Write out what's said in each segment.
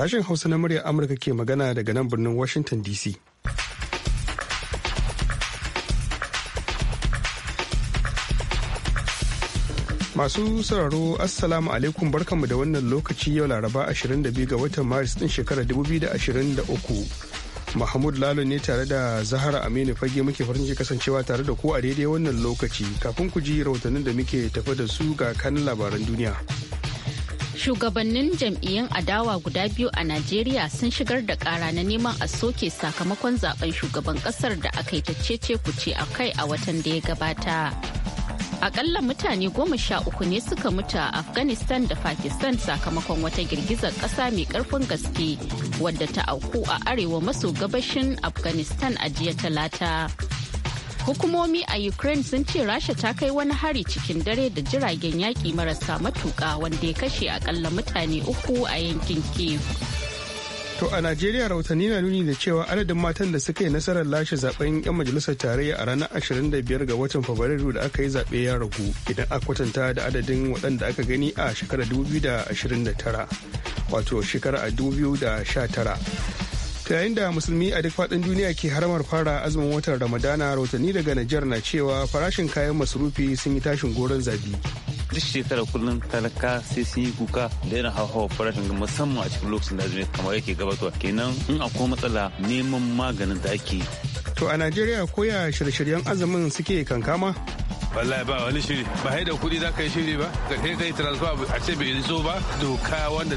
Sashen Hausa na muryar Amurka ke magana daga nan birnin Washington DC. Masu sauraro Assalamu alaikum barkanmu da wannan lokaci yau Laraba 22 ga watan Maris din shekarar 2023. Mahmud Lalo ne tare da Zahara Aminu fage muke farin ciki kasancewa tare da ku a daidai wannan lokaci kafin ku ji rahotannin da muke tafa da su ga kanin labaran duniya. shugabannin jam'iyyun adawa guda biyu a najeriya sun shigar da kara na neman a soke sakamakon zaben shugaban kasar da aka yi ta cece kuce a kai a watan da ya gabata akalla mutane goma sha uku ne suka mutu a afghanistan da pakistan sakamakon wata girgizar ƙasa mai ƙarfin gaske wadda ta auku a arewa maso gabashin afghanistan a jiya talata Hukumomi a Ukraine sun ce Rasha ta kai wani hari cikin dare da jiragen yaƙi marasa matuƙa wanda ya kashe akalla mutane uku a yankin Kiev. To a Najeriya rahotanni na nuni da cewa adadin matan da suka yi nasarar lashe zaben 'yan majalisar tarayya a ranar 25 ga watan Fabrairu da aka yi zaɓe ya ragu idan aka kwatanta da adadin waɗanda aka gani a shekarar 2029 wato shekara 2019. yayin da musulmi a duk faɗin duniya ke haramar fara azumin watan ramadana rahotanni daga nijar na cewa farashin kayan masurufi sun yi tashin goron zabi duk shekara kullum talaka sai sun yi kuka da yana hauhawar farashin ga musamman a cikin lokacin da azumi kamar yake gabatowa kenan in akwai matsala neman maganin da ake to a najeriya koya shirye-shiryen azumin suke kankama wallahi ba wani shiri ba haida kuɗi za ka yi shiri ba ka kai kai transfer a ce bai iso ba doka wanda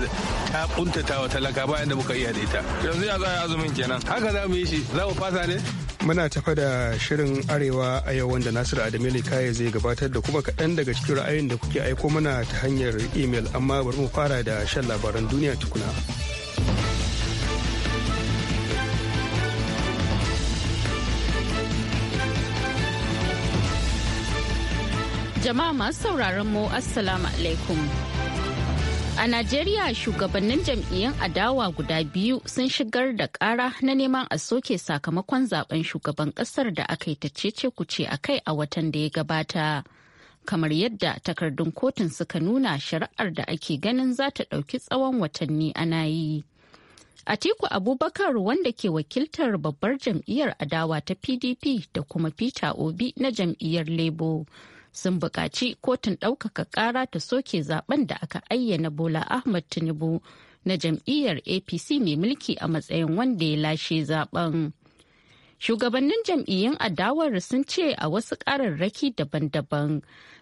ta kuntata wa talaka bayan da muka yi da ita yanzu ya tsaya azumin kenan haka za mu yi shi za mu fasa ne Muna tafa da shirin Arewa a yau wanda Nasiru Adamili Kaye zai gabatar da kuma kaɗan daga cikin ra'ayin da kuke aiko mana ta hanyar imel amma bari mu fara da shan labaran duniya tukuna. Jama'a masu sauraron mu Assalamu alaikum. A Najeriya shugabannin jam'iyyun adawa guda biyu sun shigar da kara na neman a soke sakamakon zaben shugaban kasar da aka yi ta cece kuce a kai a watan da ya gabata. Kamar yadda takardun kotun suka nuna shari'ar da ake ganin za ta ɗauki tsawon watanni ana yi. Atiku Abubakar wanda ke wakiltar babbar jam'iyyar adawa ta PDP da kuma Peter Obi na jam'iyyar Labour sun buƙaci kotun ɗaukaka ƙara ta soke zaben da aka ayyana bola ahmad tinubu na jam'iyyar apc mai mulki a matsayin wanda ya lashe zaben. shugabannin jam'iyyun adawar sun ce a wasu ƙararraki daban-daban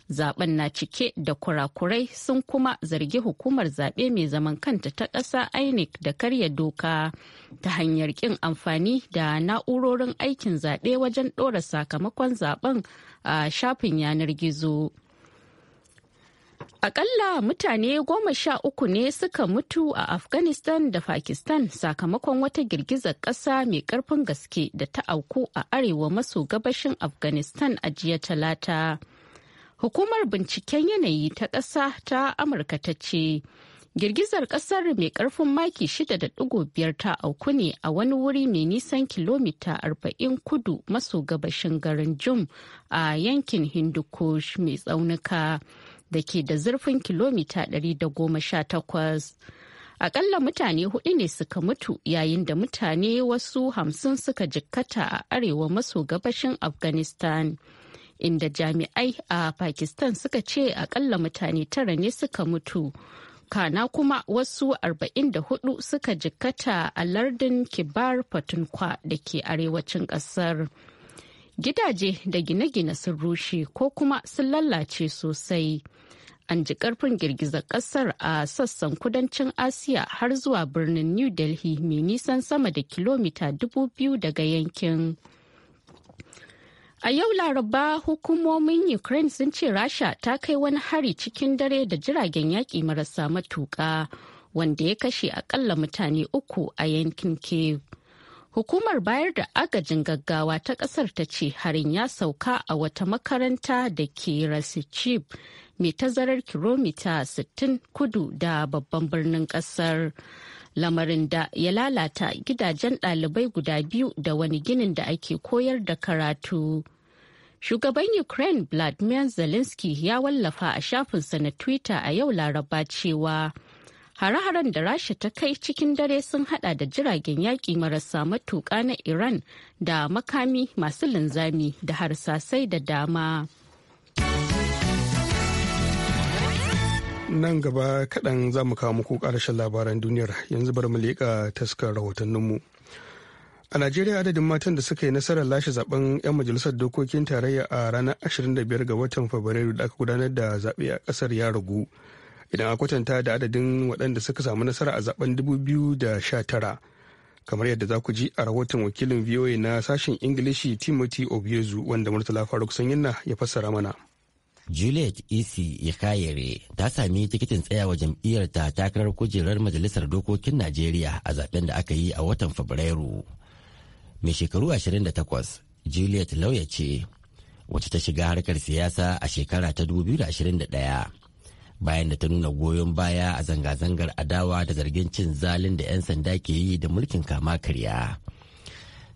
zaben na cike da kurakurai sun kuma zargi hukumar zaɓe mai zaman kanta ta ƙasa inec da karya doka ta hanyar ƙin amfani da na'urorin aikin zaɓe wajen ɗora sakamakon zaben a shafin yanar gizo Akalla mutane goma sha uku ne suka mutu a Afghanistan da Pakistan sakamakon wata girgizar ƙasa mai ƙarfin gaske da ta auku a arewa maso gabashin Afghanistan a jiya talata. Hukumar binciken yanayi ta ƙasa ta Amurka ta ce, girgizar ƙasar mai ƙarfin maki 6.5 ta auku ne a wani wuri mai nisan kilomita arba'in kudu maso gabashin garin Jum a yankin Hindu Kush mai tsaunuka. da ke da zurfin kilomita 118. Akalla mutane hudu ne suka mutu yayin da mutane wasu hamsin suka jikkata a arewa maso gabashin Afghanistan. Inda jami'ai a Pakistan suka ce akalla mutane tara ne suka mutu. kana kuma wasu arba'in da 44 suka jikkata a lardin kibar fatunkwa da ke arewacin kasar gidaje da gine-gine sun rushe ko kuma sun lalace sosai an ji karfin girgizar kasar a sassan kudancin asiya har zuwa birnin new delhi mai nisan sama da kilomita biyu daga yankin a yau laraba hukumomin ukraine sun ce rasha ta kai wani hari cikin dare da jiragen yaƙi marasa matuƙa wanda ya kashe akalla mutane uku a yankin cave Hukumar bayar da agajin gaggawa ta kasar ta ce harin ya sauka a wata makaranta da ke rasicib mai tazarar kilomita 60 kudu da babban birnin kasar. Lamarin da ya lalata gidajen ɗalibai guda biyu da wani ginin da ake koyar da karatu. Shugaban Ukraine Vladimir Zelensky ya wallafa a shafinsa na Twitter a yau Laraba cewa. Hare-haren da Rasha ta kai cikin dare sun hada da jiragen yaƙi marasa matuƙa na Iran da makami masu linzami da harsasai da dama. Nan gaba kaɗan za mu kawo muku ƙarshen labaran duniyar yanzu bar mu leƙa taskar rahotanninmu. A Najeriya adadin matan da suka yi nasarar lashe zaben 'yan majalisar dokokin tarayya a ranar 25 ga watan Fabrairu da aka gudanar da zaɓe a ƙasar ya ragu. idan a kwatanta da adadin waɗanda suka samu nasara a zaben 2019 kamar yadda za ku ji a rahoton wakilin voa na sashen ingilishi timothy obiezu wanda murtala faruk sanyinna ya fassara mana juliet ya e ikayere ta sami tikitin tsayawa ta takarar kujerar majalisar dokokin najeriya a zaben da aka yi a watan fabrairu mai shekaru 28 juliet lauya ce wacce ta shiga harkar siyasa a shekara ta 2021 bayan da ta nuna goyon baya a zanga-zangar adawa da zargin cin zalin da 'yan sanda ke yi da mulkin kama karya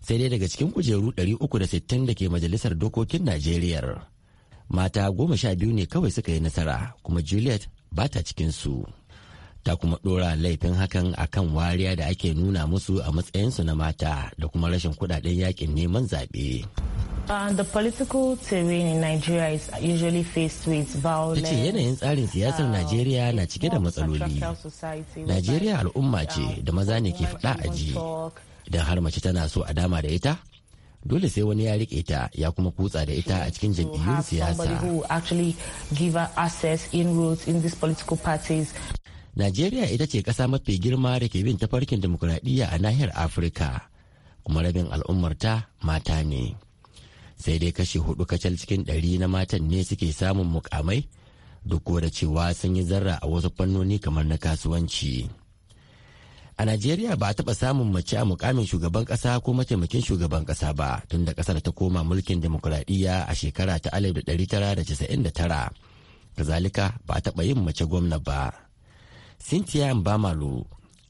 sai dai daga cikin kujeru 360 da ke majalisar dokokin najeriya mata goma sha biyu ne kawai suka yi nasara kuma juliet ba ta cikinsu. ta kuma ɗora laifin hakan akan wariya da ake nuna musu a matsayinsu na mata da kuma rashin kuɗaɗen yakin neman zaɓe. Uh, ta ce yanayin tsarin siyasar uh, Najeriya na cike da matsaloli. Najeriya al'umma ce uh, da maza ne ke faɗa a ji. Idan har mace tana so a dama da ita, dole sai wani ya rike ta ya kuma kutsa da ita a cikin jam'iyyun siyasa. najeriya ita ce ƙasa mafi girma da ke bin tafarkin demokuraɗiyya a nahiyar afirka kuma rabin al'ummarta mata ne sai dai kashi hudu kacal cikin ɗari na matan ne suke samun mukamai duk da cewa sun yi zarra a wasu fannoni kamar na kasuwanci a najeriya ba a taɓa samun mace a mukamin shugaban ƙasa ko mataimakin shugaban ƙasa ba tun da ƙasar ta koma mulkin demokuraɗiyya a shekara ta alif da da casa'in tara. kazalika ba a taɓa yin mace gwamna ba Cynthia mbamalu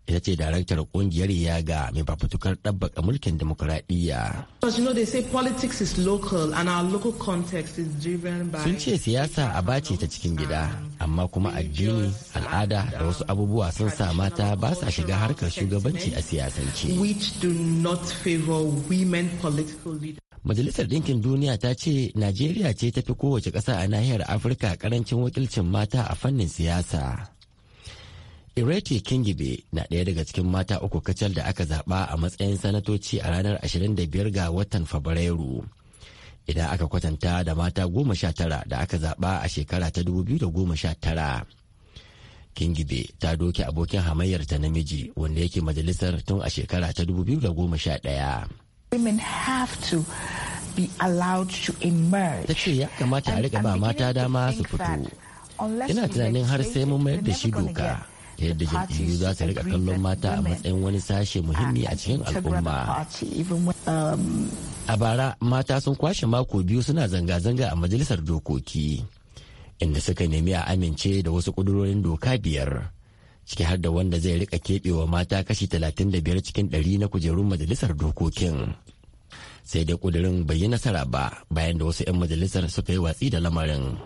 ita ce daraktar kungiyar yaga mai fafutukar ɗabbaka mulkin demokuraɗiyya. Sun ce siyasa a bace ta cikin gida, amma kuma addini, al'ada da wasu abubuwa sun sa mata ba sa shiga harkar shugabanci a siyasance. Majalisar Ɗinkin Duniya ta ce Najeriya ce ta fi kowace ƙasa a nahiyar Afirka ƙarancin wakilcin mata a fannin siyasa. Ireti Kingibe na ɗaya daga cikin mata uku kacal da aka zaɓa a matsayin sanatoci a ranar 25 ga watan Fabrairu. Idan aka kwatanta da mata goma sha tara da aka zaɓa a shekara ta 2019. Kingibe ta doke abokin hamayyar ta namiji wanda yake majalisar tun a shekara ta 2011. Women have to be allowed to emerge. Ta ce ya kamata a riƙa ba mata dama su fito. Ina tunanin har sai mun mayar da shi doka. ta yadda jam'iyyu za su rika kallon mata a matsayin wani sashe muhimmi a cikin al'umma. A bara mata sun kwashe mako biyu suna zanga-zanga a majalisar dokoki inda suka nemi a amince da wasu ƙudurorin doka biyar ciki har da wanda zai rika keɓewa mata kashi talatin da biyar cikin ɗari na kujerun majalisar dokokin. Sai dai ƙudurin bai yi nasara ba bayan da wasu 'yan majalisar suka yi watsi da lamarin.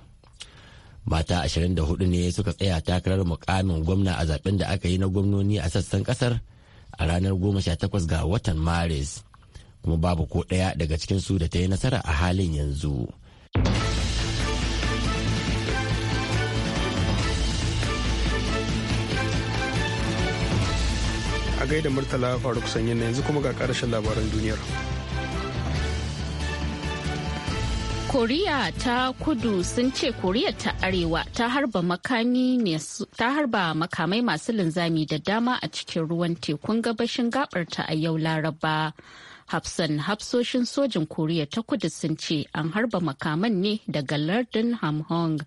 mata 24 ne suka tsaya takarar mukamin gwamna a zaben da aka yi na gwamnoni a sassan kasar a ranar 18 ga watan maris kuma babu ko ɗaya daga cikinsu da ta yi nasara a halin yanzu. a gaida murtala faruk sanyi na yanzu kuma ga karashin labaran duniyar koriya ta kudu sun ce koriya ta arewa ta harba makamai masu linzami da dama a cikin ruwan tekun gabashin gabarta a yau laraba hafsan hafsoshin sojin koriya ta kudu sun ce an harba makaman ne daga lardin hamhong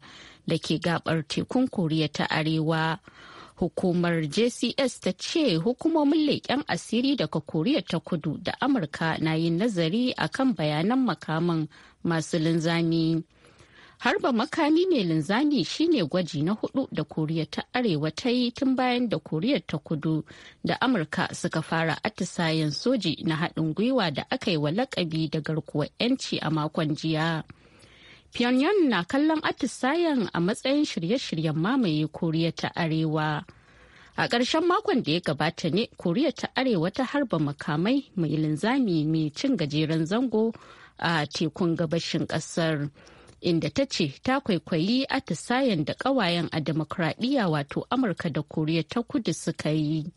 da ke gabar tekun koriya ta arewa Hukumar JCS ta ce hukumomin leƙen asiri daga Koriya ta kudu da Amurka na yin nazari a kan bayanan makaman masu linzami. Harba makami mai linzami shine gwaji na hudu da Koriya ta Arewa ta yi tun bayan da Koriya ta kudu da Amurka suka fara atisayen soji na haɗin gwiwa da aka yi wa lakabi da garkuwar 'yanci a makon jiya. Pyongyang na kallon atisayen a matsayin shirye-shiryen mamaye Koriya ta Arewa. A ƙarshen makon da ya gabata ne Koriya ta Arewa ta harba makamai mai linzami mai cin gajeren zango a tekun gabashin ƙasar. Inda ta ce ta kwaikwayi atisayen da ƙawayen a demokradiyya wato Amurka da Koriya ta kudu suka yi.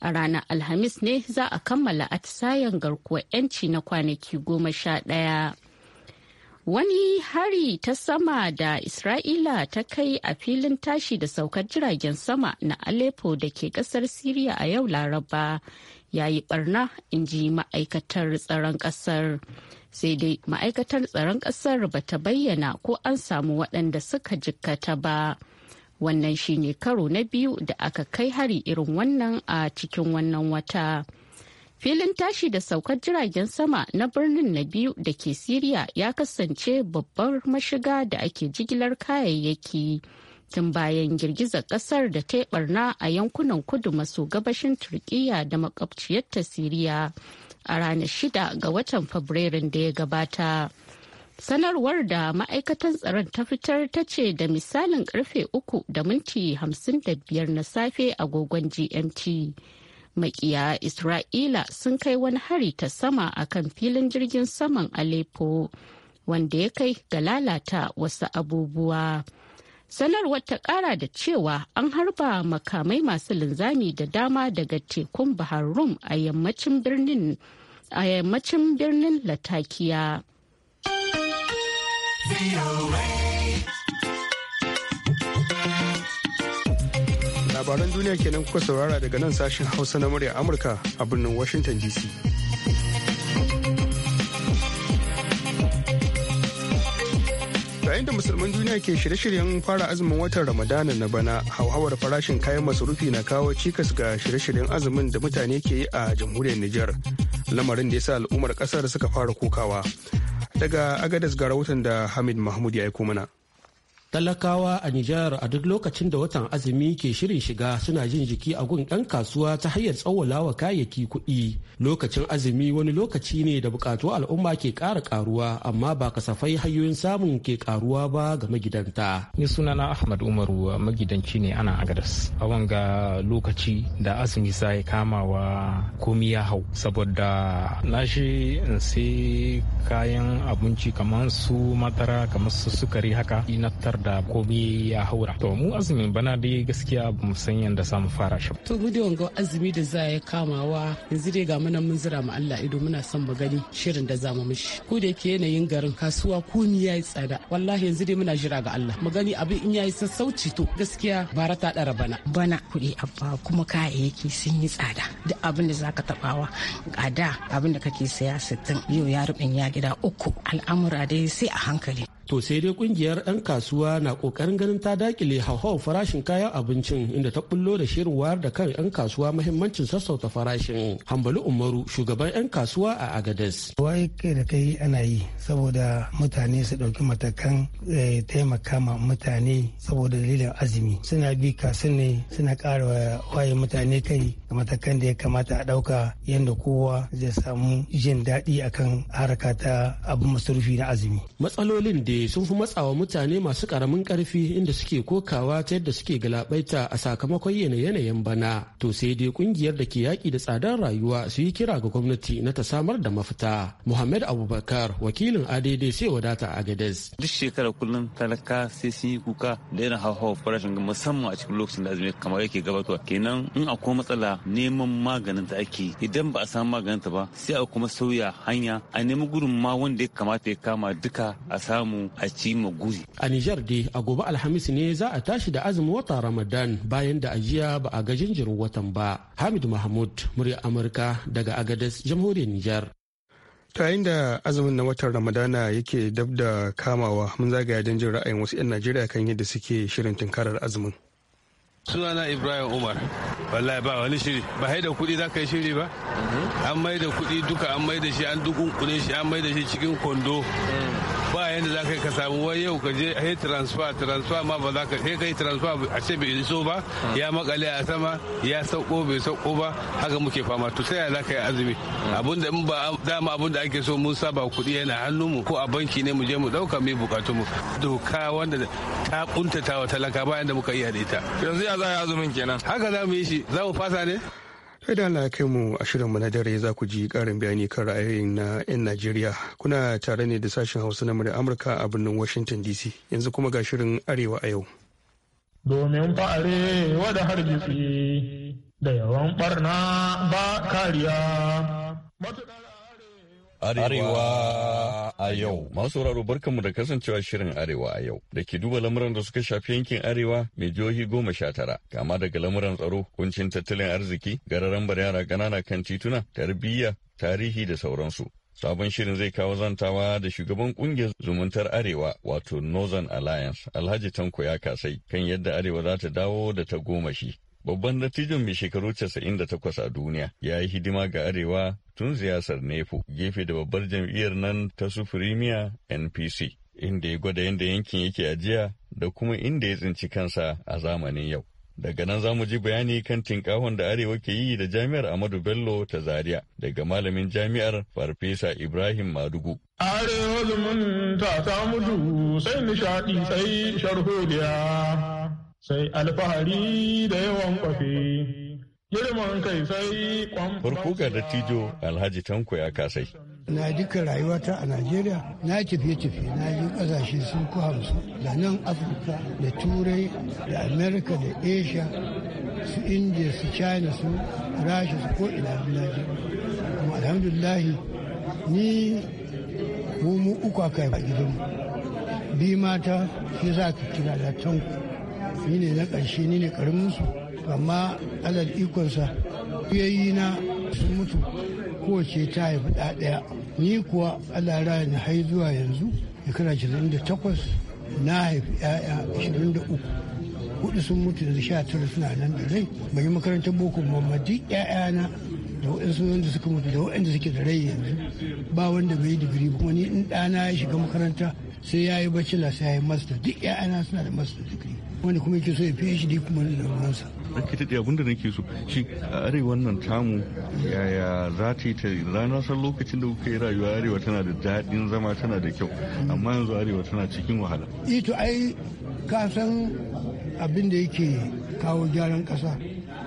a ranar alhamis ne za a kammala atisayen garkuwar 'yanci na kwanaki goma sha ɗaya. Wani hari ta sama da Isra'ila ta kai a filin tashi da saukar jiragen sama na Aleppo da ke kasar Siriya a yau Laraba ya yi barna in ji ma'aikatar tsaron kasar. Sai dai ma'aikatar tsaron kasar ba ta bayyana ko an samu waɗanda suka jikkata ba. Wannan shi ne karo na biyu da aka kai hari irin wannan a cikin wannan wata. filin tashi da saukar jiragen sama na birnin na biyu da ke siriya ya kasance babbar mashiga da ake jigilar kayayyaki tun bayan girgizar kasar da ta barna a yankunan kudu maso gabashin turkiya da makwabciyarta siriya a ranar shida ga watan fabrairun da ya gabata sanarwar da ma'aikatan tsaron ta fitar ta ce da misalin karfe uku da minti hamsin da biyar na safe agogon gmt makiya isra'ila sun kai wani hari ta sama a kan filin jirgin saman aleppo wanda ya kai ga lalata wasu abubuwa sanarwar ta kara da cewa an harba makamai masu linzami da dama daga tekun bahar rum a yammacin birnin a yammacin birnin latakiya labaran duniya kenan kuka saurara daga nan sashen hausa na murya amurka a birnin washington dc yayin da musulman duniya ke shirye-shiryen fara azumin watan ramadana na bana hauhawar farashin kayan masarufi na kawo cikas ga shirye-shiryen azumin da mutane ke yi a jamhuriyar niger lamarin da ya sa al'ummar kasar suka fara kokawa daga agadas ga rahoton da hamid mahmud ya aiko mana talakawa a Nijar a duk lokacin da watan azumi ke shirin shiga suna jin jiki a gun ɗan kasuwa ta hanyar tsawalawa kayayyaki kuɗi. Lokacin azumi wani lokaci ne da bukatu al'umma ke ƙara ƙaruwa amma ba kasafai hanyoyin samun ke ƙaruwa ba ga magidanta. Ni sunana Ahmad Umaru magidanci ne ana agadas. A wanga lokaci da azumi sai kamawa komi ya hau saboda na shi in sai kayan abinci kamar su madara kamar su sukari haka da komi ya haura to mu azumin bana dai gaskiya ba mu san yanda samu fara shi to mu dai wanga azumi da za ya kamawa yanzu dai ga mana mun zira mu Allah ido muna son mu gani shirin da za mu mishi ko da yake yanayin garin kasuwa komi yi tsada wallahi yanzu dai muna jira ga Allah mu gani abin in ya yi sassauci to gaskiya bara ta dara bana bana kuɗi abba kuma kayayyaki sun yi tsada duk abin da zaka tabawa a da abin da kake saya sittin yau ya rubin ya gida uku al'amura dai sai a hankali To sai dai kungiyar 'yan kasuwa na kokarin ganin ta dakile hauhawar farashin kayan abincin inda ta bullo da shirin wayar da kan 'yan kasuwa mahimmancin sassauta farashin. hambalu Umaru shugaban 'yan kasuwa a Agadez. Wai kai da kai ana yi saboda mutane su ɗauki matakan eh, taimaka ma mutane saboda dalilin azumi. Suna bi kasin ne suna kara waye mutane kai da matakan da ya kamata a ɗauka yadda kowa zai samu jin daɗi akan haraka ta abin masarufi na azumi. Matsalolin da sun fi matsawa mutane masu karamin karfi inda suke kokawa ta yadda suke galabaita a sakamakon yanayin bana to sai dai kungiyar da ke yaki da tsadar rayuwa su yi kira ga gwamnati na ta samar da mafita muhammad abubakar wakilin adede sai wadata a gades duk shekara kullum talaka sai sun yi kuka da yana hauhawar farashin musamman a cikin lokacin da azumi kamar yake gabatowa kenan in akwai matsala neman maganin ta ake idan ba a samu maganin ta ba sai a kuma sauya hanya a nemi gurin ma wanda ya kamata ya kama duka a samu a ci ma guri. A Nijar dai a gobe Alhamis ne za a tashi da azumin wata Ramadan bayan da ajiya ba a ga jinjirin watan ba. Hamid Mahmud murya Amurka daga Agadez jamhuriyar Nijar. Ta yayin da azumin na watan Ramadana yake dab da kamawa mun zagaya don jin ra'ayin wasu 'yan Najeriya kan yadda suke shirin tunkarar azumin. sunana ibrahim umar wallahi ba wani shiri ba da kuɗi za ka yi shiri ba mhm. an mai da kuɗi duka an mai da shi an dukunkune shi an mai da shi cikin kwando mm. ba yadda za ka ka samu wai yau ka je hey transfer transfer ma ba za ka sai kai transfer a ce bai iso ba ya makale a sama ya sauko bai sauko ba haka muke fama to sai za ka yi azumi abinda in ba dama abinda ake so mun saba kuɗi yana hannu mu. ko a banki ne mu je mu dauka mu bukatu mu doka wanda ta kuntata wa talaka bayan da muka iya da ita yanzu ya za a yi azumin kenan haka za mu yi shi za mu fasa ne da Allah kai mu a shirinmu na dare za ku ji karin bayani kan ra'ayoyin na 'yan Najeriya. Kuna tare ne da sashen Hausa na murya Amurka a birnin Washington DC. Yanzu kuma ga shirin Arewa a yau. Domin fa'are wada hargitsi da yawan barna ba kariya. Arewa a yau. Masu sauraro barkanmu da kasancewa shirin Arewa a yau da ke duba lamuran da suka shafi yankin Arewa mai jihohi goma sha tara kama daga lamuran tsaro, kuncin tattalin arziki, gararan bar yara ƙanana kan tituna, tarbiyya, tarihi da sauransu. Sabon shirin zai kawo zantawa da shugaban kungiyar zumuntar Arewa wato Northern Alliance Alhaji Tanko ya kasai kan yadda Arewa za ta dawo da ta goma shi Babban dattijon mai shekaru 98 a duniya ya yi hidima ga Arewa tun siyasar Nefo gefe da babbar jam'iyyar nan ta Sufrimiya NPC, inda ya gwada yadda yankin yake ajiya da kuma inda ya tsinci kansa a zamanin yau. Daga nan zamu ji bayani kan tinkahon da Arewa ke yi da Jami'ar Amadu Bello ta Zaria daga malamin Jami'ar Farfesa Ibrahim Madugu. Arewa zumunta ta mutu sai nishaɗi sai sharholiya. sai alfahari da yawan kwafi. Girman kai sai kwan. Kurkuga da Tijo Alhaji Tanko ya kasai. Na duka rayuwata a Najeriya na tafiye-tafiye na yi kasashe sun ku hamsin da nan Afirka da Turai da Amerika da Asia su India su China su Rasha su ko ina bilaji. Kuma alhamdulahi ni mu uku aka yi a gidanmu. Bi mata shi za ka kira da Tanko. ni ne na ƙarshe ni ne ƙaramin su amma alal ikonsa yayi na sun mutu kowace ta haifi ɗaya ni kuwa ala raya ni hai zuwa yanzu shekara 28 na haifi 'ya'ya 23 hudu sun mutu da sha tara suna nan da rai bai makarantar boko mamadi 'ya'yana da waɗansu wanda suka mutu da waɗanda suke da rai yanzu ba wanda bai yi digiri ba wani ni in ɗana ya shiga makaranta sai ya yi bachelor sai ya yi master duk 'ya'yana suna da master digiri wani kuma yake so ya phd kuma da ruwansa ake ta abin da nake so shi a arewa nan tamu yaya za ta yi ta rana san lokacin da kuka yi rayuwa arewa tana da daɗin zama tana da kyau amma yanzu arewa tana cikin wahala ito eh ai ka san abin da yake kawo gyaran ƙasa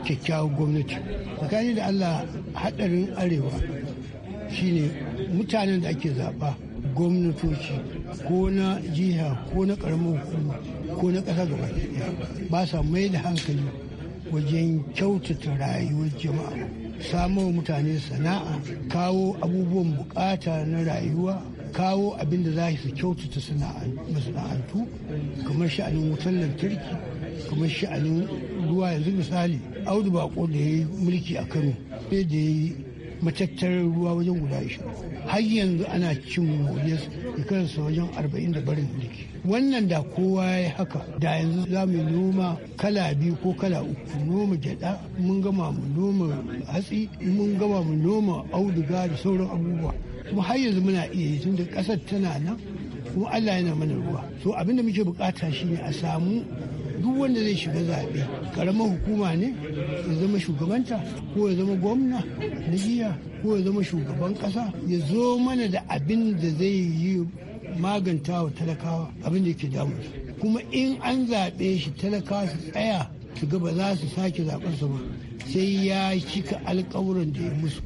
kyakkyawar gwamnati tsakani da allah haɗarin arewa shine mutanen da ake zaɓa gwamnatoci ko na jiha ko na karamar hukuma ko na ƙasa gaba ba sa mai da hankali wajen kyautata rayuwar jama'a samo mutane sana'a kawo abubuwan bukata na rayuwa kawo abin da za su kyautata masana'antu kamar sha'anin wutar lantarki kamar sha'anin ruwa yanzu misali audu bako da ya yi mulki a kano sai da ya yi matattarar ruwa wajen guda ishirin har yanzu ana cin moriyar shekarar su wajen arba'in da barin liki wannan da kowa ya haka da yanzu za mu noma kala biyu ko kala uku noma gyada mun gama mu noma hatsi mun gama mu noma auduga da sauran abubuwa kuma har yanzu muna iya yi tunda kasar tana nan kuma Allah yana mana ruwa so abinda muke bukata shine a samu duk wanda zai shiga zaɓe karamar hukuma ne ya zama shugabanta ko ya zama gwamna na jiya ko ya zama shugaban ƙasa ya zo mana da abin da zai yi maganta wa talakawa abin da ke damu kuma in an zaɓe shi talakawa su tsaya su ga ba za su sake zaɓensa ba sai ya cika alkawuran da ya musu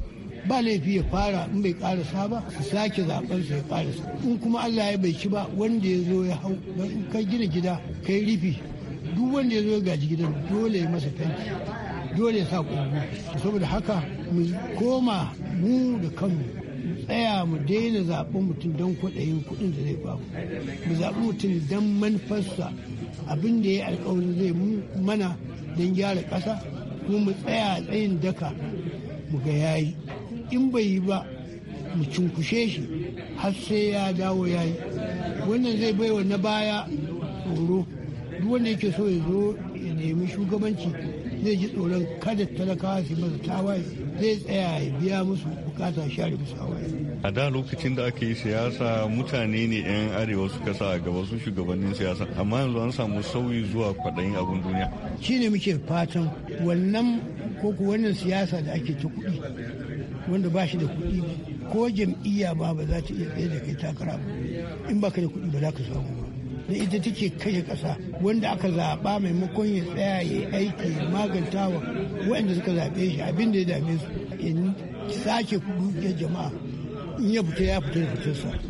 ba laifi ya fara in bai karasa ba su sake zaben ya karasa in kuma Allah ya bai ci ba wanda ya zo ya hau ka gina gida kai rufi duk wanda ya zo gaji gidan dole masa fenti dole ya sa kogo saboda haka mu koma mu da kanmu tsaya mu daina zaɓen mutum don kwaɗayin kuɗin da zai ba mu zaɓi mutum don manufarsa abin da ya alkawarin zai mana don gyara ƙasa kuma mu tsaya tsayin daka mu ga yayi in bai yi ba mu cunkushe shi har sai ya dawo yayi wannan zai baiwa na baya horo. duk wanda yake so ya zo ya nemi shugabanci zai ji tsoron kada talakawa su masa tawaye zai tsaya ya biya musu bukata share musu hawaye. a da lokacin da aka yi siyasa mutane ne 'yan arewa suka sa a gaba su shugabannin siyasa amma yanzu an samu sauyi zuwa kwaɗayin abin duniya shi ne muke fatan wannan ko wannan siyasa da ake ta kuɗi wanda ba shi da kuɗi ko jam'iyya ba ba za ta iya tsaye da kai takara ba in ba ka da kuɗi ba za ka samu da ita take kashe kasa wanda aka zaba maimakon ya tsaya ya aiki magantawa waɗanda suka zaɓe shi abin da ya dame su in sake dukiyar jama'a in ya fita ya fita da fitarsa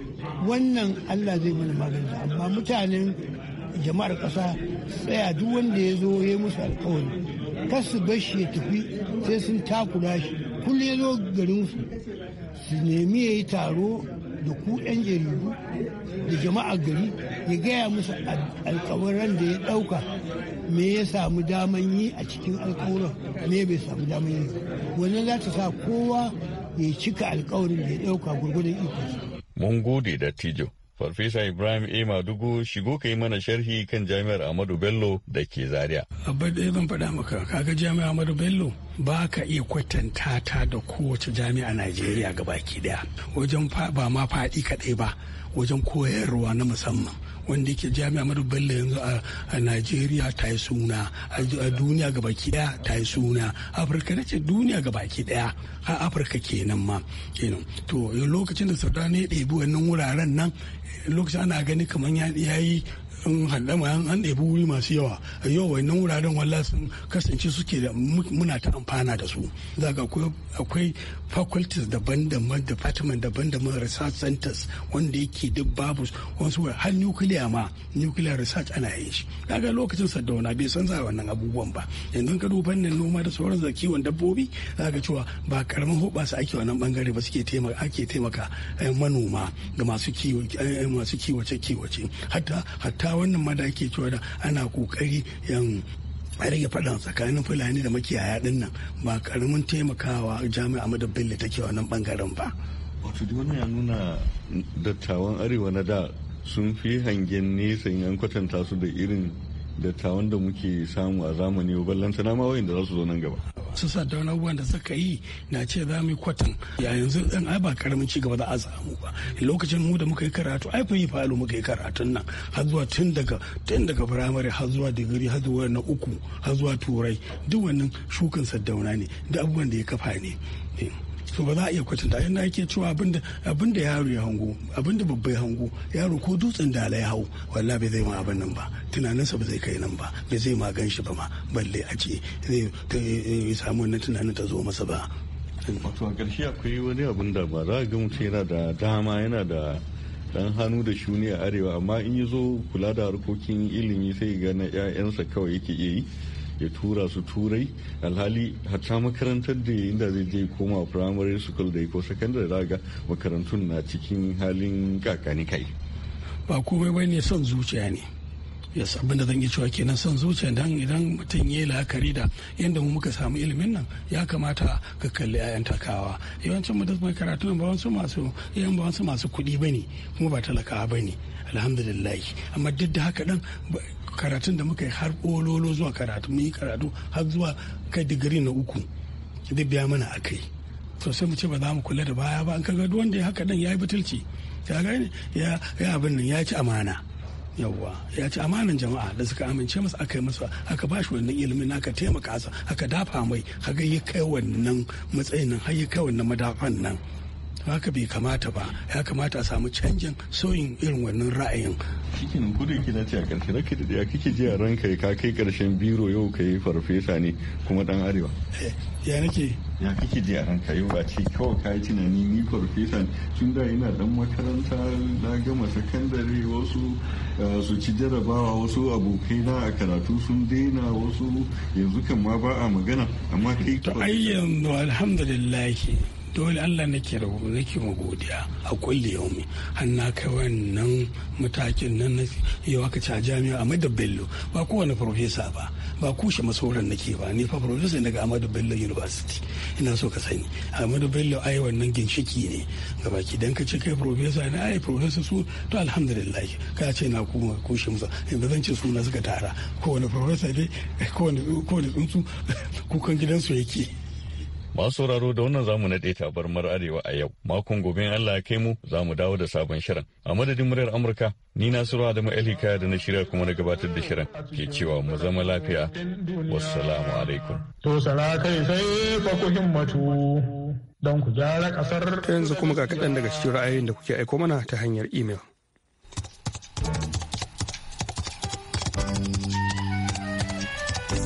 wannan allah zai mana maganta amma mutanen jama'ar kasa tsaya duk wanda ya zo ya musu alkawari kar su bar ya tafi sai sun takura shi kullum ya zo garinsu su nemi ya yi taro da ku 'yan jaridu da jama'a gari ya gaya musu alkawaran da ya dauka me ya samu daman yi a cikin alkawuran me bai samu daman yi wannan za ta sa kowa ya cika alkawarin da ya dauka gurgurdan iko mun gode da tijo Farfesa Ibrahim A. Madugu shigo ka yi mana sharhi kan jami'ar Amadu Bello da ke Zaria. Abba da zan faɗa maka, kaga jami'ar Amadu Bello ba ka iya kwatanta ta da kowace jami'a Najeriya gabaki daya. Wajen ba ma faɗi kaɗai ba, wajen koyarwa na musamman wanda yake jami'a madu bello yanzu a najeriya ta yi suna a duniya ga baki daya ta yi suna afirka da ce duniya ga baki daya a afirka kenan ma kenan to lokacin da saudani ya ɗebi wannan wuraren nan lokacin ana gani kamar ya yi in handama an ɗebi wuri masu yawa a yau wannan wuraren walla sun kasance suke da muna ta amfana da su za ga akwai faculties daban-daban department daban-daban research centers wanda yake duk babu wasu har nuclear ma nuclear research ana yin shi daga lokacin sadauna bai san za wannan abubuwan ba yanzu ka duba nan noma da sauran zaki kiwon dabbobi za ga cewa ba karamin su ake wannan bangare ba suke taimaka ake taimaka eh, manoma da masu kiwo eh, masu kiwace kiwace hatta hatta hatta wannan mada ke cewa da ana kokari yan a rage faɗan tsakanin fulani da makiyaya din nan ba karamin taimakawa jami'a madabbin bello take wannan bangaren ba wato duk wannan ya nuna dattawan arewa na da sun fi hangen nesa in an kwatanta su da irin dattawan da muke samu a zamani ballanta na ma wayin da za su zo nan gaba su wani abubuwan da suka yi na ce za mu yi kwatan ya yanzu dan ai ba karamin ci gaba za a samu ba lokacin mu da muka yi karatu ai kun yi falo muka yi karatun nan har zuwa tun daga tun daga firamare har zuwa digiri har zuwa na uku har zuwa turai duk wannan shukan sadauna ne da abubuwan da ya kafa ne. Eh. so ba za a iya kwatanta na ake cewa abin da yaro ya hango abin da babbai hango yaro ko dutsen da ya hau walla bai zai ma abin nan ba tunaninsa ba zai kai nan ba bai zai ma gan shi ba ma balle a ce zai samu wannan tunanin ta zo masa ba wato a ƙarshe akwai wani abin da ba za a ga mutum yana da dama yana da dan hannu da shuni a arewa amma in yi zo kula da harkokin ilimi sai ga na 'ya'yansa kawai yake iya yi ya tura su turai alhali hatta makarantar da inda zai je koma primary school da ko secondary daga makarantun na cikin halin kakani kai ba komai bai ne son zuciya ne ya abin da zan yi cewa kenan son zuciya dan idan mutum ya yi la'akari da yadda mu muka samu ilimin nan ya kamata ka kalli 'ya'yan takawa yawancin mu mai karatu ba yan eh, ba masu kuɗi ba ne kuma ba talakawa ba ne alhamdulillah amma duk da haka dan karatun da muka yi har ololo zuwa karatu mun yi karatu har zuwa kai digiri na uku zai biya mana a kai to sai mu ce ba za mu kula da baya ba an kaga duk wanda ya haka dan ya yi butulci ya ya abin nan ya ci amana yawwa ya ci amanan jama'a da suka amince masa aka yi masa aka ba shi wannan ilimin aka taimaka sa aka dafa mai kaga ya kai wannan matsayin nan har ya kai wannan madafan nan haka bai kamata ba ya kamata a samu canjin sauyin irin wannan ra'ayin shikin gudun ki na ce a ƙarshe rake da ya kike ji a ranka ka kai ƙarshen biro yau ka yi farfesa ne kuma dan arewa eh, ya nake ya kike ji a ranka yau a ce kawai ka yi tunani ni farfesa ne tun da ina dan makaranta na gama sakandare wasu su ci jarabawa wasu abokai na a karatu sun daina wasu yanzu kan ma ba a magana amma kai to ayyan alhamdulillah dole allah nake rabu nake mu godiya a kulli yaumi har na kai wannan matakin nan na yau aka ci a jami'a amadu bello ba kowane farfesa ba ba kushe masoran nake ba ni fa farfesa daga amadu bello university ina so ka sani amadu bello ai wannan ginshiki ne gaba ki dan ka ce kai farfesa ne ai farfesa su to alhamdulillah ka ce na kuma kushe musa ba zan ce suna suka tara kowane farfesa dai kowane tsuntsu kukan gidansu yake Masu sauraro da wannan zamu naɗe mar Arewa a yau. Makon gobe Allah ya kai mu za mu dawo da sabon shirin. A madadin muryar Amurka, ni na Sura Adamu Elika da na shirya kuma na gabatar da shirin. Ke cewa mu zama lafiya. Wassalamu alaikum. To sala kai sai fa ku himmatu don ku gyara kasar. Yanzu kuma ga kaɗan daga cikin ra'ayoyin da kuke aiko mana ta hanyar imel.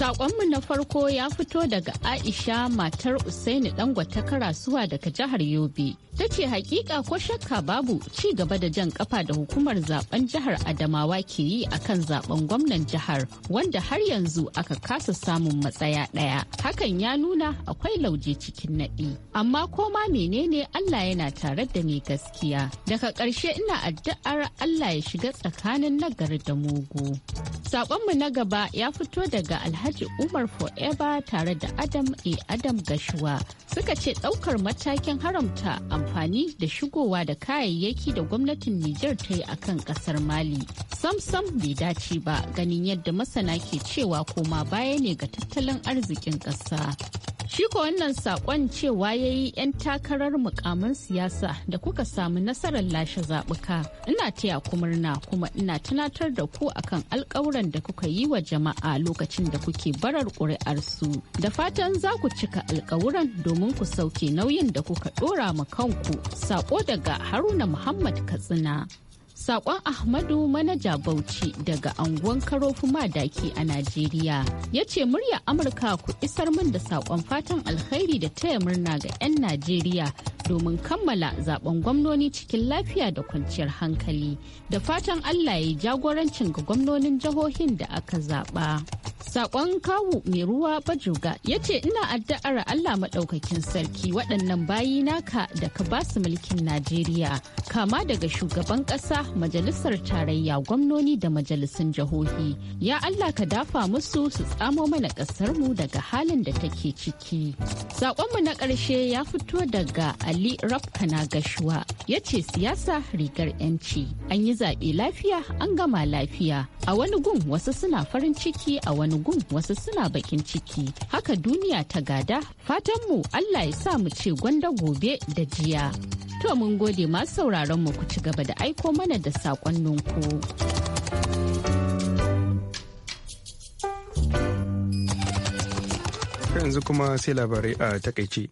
Sakonmu na farko ya fito daga Aisha matar Usaini Dangwata Karasuwa daga jihar Yobe ta ce hakika ko shakka babu ci gaba da jan kafa da hukumar zaben jihar adamawa ke yi akan zaben gwamnan jihar wanda har yanzu aka kasa samun matsaya daya hakan ya nuna akwai lauje cikin nadi. amma koma menene allah yana tare da mai gaskiya daga karshe ina addu'ar allah ya shiga tsakanin nagari da mugu saƙonmu na gaba ya fito daga alhaji umar forever tare da adam a adam gashuwa suka ce ɗaukar matakin haramta amfani da shigowa da kayayyaki da gwamnatin Nijar ta yi a kan kasar Mali. Samsam bai dace ba ganin yadda masana ke cewa koma baya ne ga tattalin arzikin ƙasa. Shi wannan saƙon cewa ya yi 'yan takarar mukamin siyasa da kuka samu nasarar lashe zaɓuka. Ina taya ku murna kuma ina tunatar da ku akan alƙawuran da kuka yi wa jama'a lokacin da kuke barar su Da fatan za ku cika alƙawuran domin ku sauke nauyin da kuka ɗora ma kan uku sako daga haruna muhammad katsina saƙon Ahmadu Manaja Bauchi daga anguwan karofi Madaki a Najeriya ya ce murya Amurka ku isar min da saƙon fatan alkhairi da taya murna ga 'yan Najeriya domin kammala zaben gwamnoni cikin lafiya da kwanciyar hankali da fatan Allah ya yi jagorancin ga gwamnonin jihohin da aka zaɓa. Sakon kawu mai ruwa bajuga ya ce ina addu'ar Allah maɗaukakin sarki waɗannan bayi naka da ka basu mulkin Najeriya kama daga shugaban ƙasa majalisar tarayya gwamnoni da majalisun jihohi. Ya Allah ka dafa musu su tsamo mana ƙasar mu daga halin da take ciki. Sakonmu na ƙarshe ya fito daga Ali Rafkana Gashuwa ya ce siyasa rigar 'yanci. An yi zaɓe lafiya an gama lafiya. A wani gun wasu suna farin ciki a wani gun wasu suna bakin ciki haka duniya ta gada fatanmu allah ya sa mu ce gwanda gobe da jiya to mun gode masu sauraron mu ku ci gaba da aiko mana da ku. yanzu kuma sai labarai a takaice.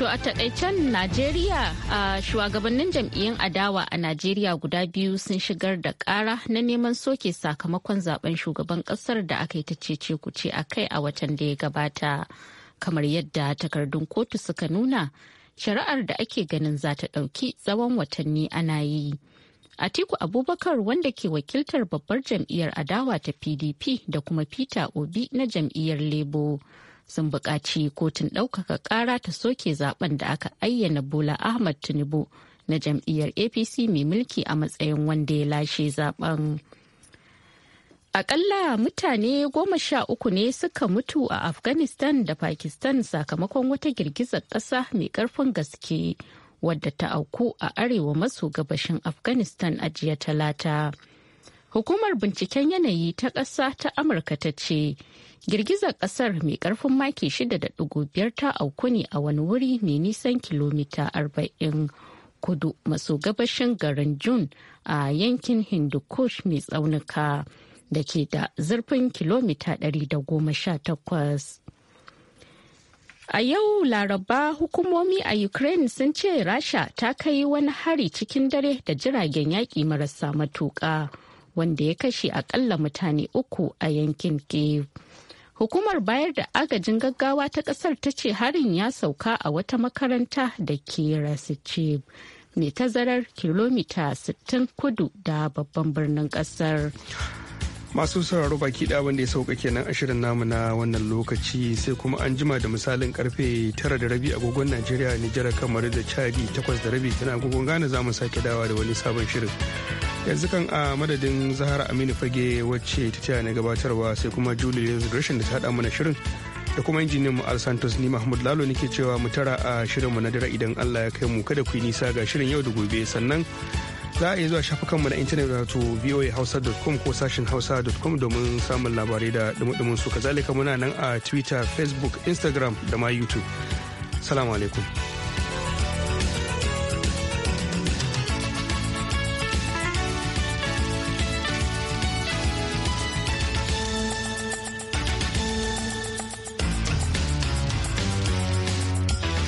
To a takaicen Najeriya a shugabannin jam'iyyun adawa a Najeriya guda biyu sun shigar da ƙara na neman soke sakamakon zaben shugaban kasar da aka yi ta cece kuce a kai a watan da ya gabata. Kamar yadda takardun kotu suka nuna, shari'ar da ake ganin za ta ɗauki tsawon watanni ana yi. Atiku Abubakar wanda ke wakiltar babbar jam'iyyar adawa ta PDP da kuma Peter Obi na jam'iyyar Labour. sun buƙaci kotun ɗaukaka ƙara ta soke zaben da aka ayyana bola ahmad tinubu na jam'iyyar apc mai mulki a matsayin wanda ya lashe zaben akalla mutane goma sha uku ne suka mutu a afghanistan da pakistan sakamakon wata girgizar ƙasa mai ƙarfin gaske wadda ta auku a arewa maso gabashin afghanistan a jiya talata hukumar binciken yanayi ta ƙasa ta amurka ta ce Girgizar kasar mai karfin maki 6.5 ta auku ne a wani wuri mai nisan kilomita 40 kudu maso gabashin garin Jun a yankin Hindu Kush mai tsaunuka da ke da zurfin kilomita 118. A yau Laraba hukumomi a Ukraine sun ce Rasha ta kai wani hari cikin dare da jiragen yaƙi marasa matuƙa wanda ya kashe akalla mutane uku a yankin Kiev. Hukumar bayar da agajin gaggawa ta kasar ta ce harin ya sauka a wata makaranta da ke Rasice mai tazarar kilomita 60 kudu da babban birnin kasar. Masu sauraro baki da wanda ya sauka kenan ashirin namu na wannan lokaci sai kuma an jima da misalin karfe tara da rabi agogon Najeriya, Nijar, kamar da Chadi takwas da rabi tana agogon gane za mu sake dawa da wani sabon shirin. yanzu kan a madadin zahara aminu fage wacce ta taya na gabatarwa sai kuma julie lewis gresham da ta hada mana shirin da kuma injinin mu al santos ni mahmud lalo nake cewa mu tara a shirin mu na dare idan allah ya kai mu kada ku yi nisa ga shirin yau da gobe sannan za a iya zuwa shafukanmu na intanet wato voahausa.com ko sashin hausa.com domin samun labarai da dumudumin su kazalika muna nan a twitter facebook instagram da ma youtube salamu alaikum